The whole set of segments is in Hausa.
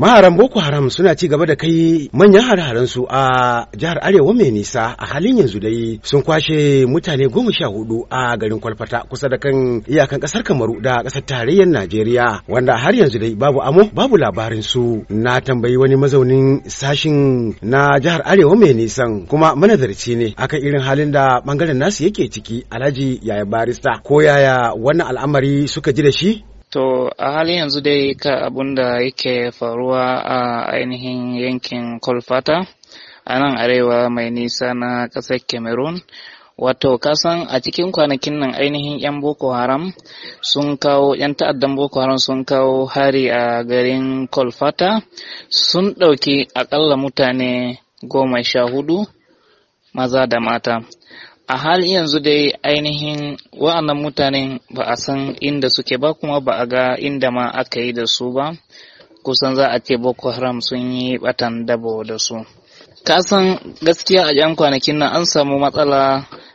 maharan boko haram suna ci gaba da kai manyan hare su a jihar arewa mai nisa a halin yanzu dai sun kwashe mutane goma sha hudu a garin kwalfata kusa da kan iyakan kasar kamaru da kasar tarayyar najeriya wanda har yanzu dai babu amo babu labarin su na tambayi wani mazaunin sashin na jihar arewa mai nisan kuma manazarci ne akan irin halin da bangaren nasu yake ciki alhaji yaya barista ko yaya wannan al'amari suka ji da shi To a halin yanzu dai ka abun da yake faruwa a ainihin yankin Kolfata a nan arewa mai nisa na ƙasar Cameroon. Wato kasan a cikin kwanakin nan ainihin 'yan Boko Haram sun kawo 'yan ta'addan Boko Haram sun kawo hari a garin Kolfata sun ɗauki aƙalla mutane goma sha hudu maza da mata. a halin yanzu dai ainihin wa'annan mutanen ba a san inda suke ba kuma ba a ga inda ma aka yi da su ba kusan za a ce boko haram sun yi batan dabo da su kasan gaskiya a yan kwanakin nan an samu matsala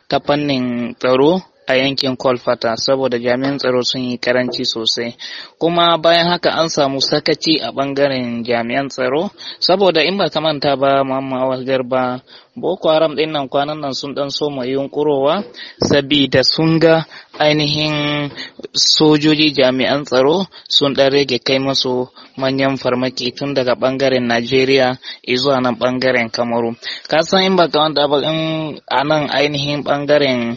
ta fannin tsaro a yankin Kolfata saboda jami'an tsaro sun yi karanci sosai. Kuma bayan haka an samu sakaci a bangaren jami'an tsaro saboda in ba ta manta ba mamma garba Boko Haram din nan kwanan nan sun dan mai yunkurowa sabida sun ga ainihin sojoji jami'an tsaro sun dan rage kai masu manyan farmaki tun daga bangaren Najeriya zuwa nan bangaren Kamaru. Kasan in ba ka wanda ba in a nan ainihin bangaren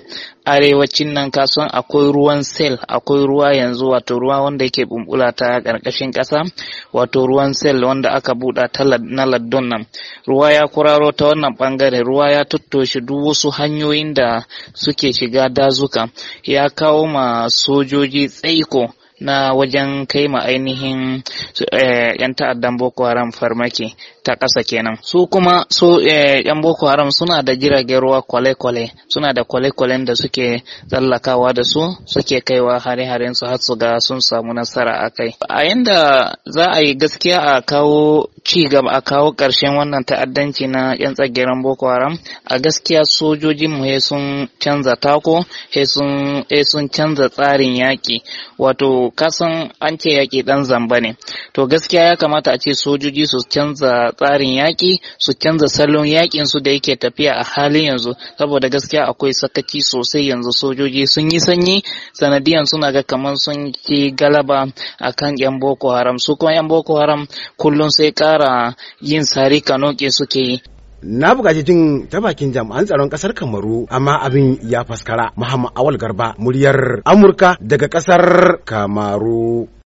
arewacin nan kasuwan akwai ruwan sel akwai ruwa yanzu wato ruwa wanda yake bumbula ta karkashin kasa wato ruwan sel wanda aka buɗa ta na laddon nan ruwa ya kuraro ta wannan bangare ruwa ya tuttoshi duk wasu hanyoyin da suke shiga dazuka ya kawo ma sojoji tsaiko na wajen kai ma ainihin eh, yan ta'addan boko haram farmaki ta ƙasa kenan su kuma su eh, yan boko haram suna da jiragen ruwa kwale-kwale suna da kwale-kwalen da suke tsallakawa da su suke kaiwa hare-haren su har su ga sun samu nasara a kai a yanda za a yi gaskiya a kawo ci gaba a kawo ƙarshen wannan ta'addanci na yan tsageren boko haram a gaskiya sojojin mu sun canza tako sun canza tsarin yaƙi wato kasan an ce yaƙi ɗan zamba ne to gaskiya ya kamata a ce sojoji su canza tsarin yaƙi su canza salon yaƙin su da yake tafiya a halin yanzu saboda gaskiya akwai sakaci sosai yanzu sojoji sun yi sanyi sanadiyan suna ga kamar sun ci galaba a kan yan boko haram su kuma yan boko haram kullum sai ƙara yin sari kanoke suke yi na bukaci jin ta bakin jami'an tsaron ƙasar kamaru amma abin ya faskara muhammad awal garba muryar amurka daga ƙasar kamaru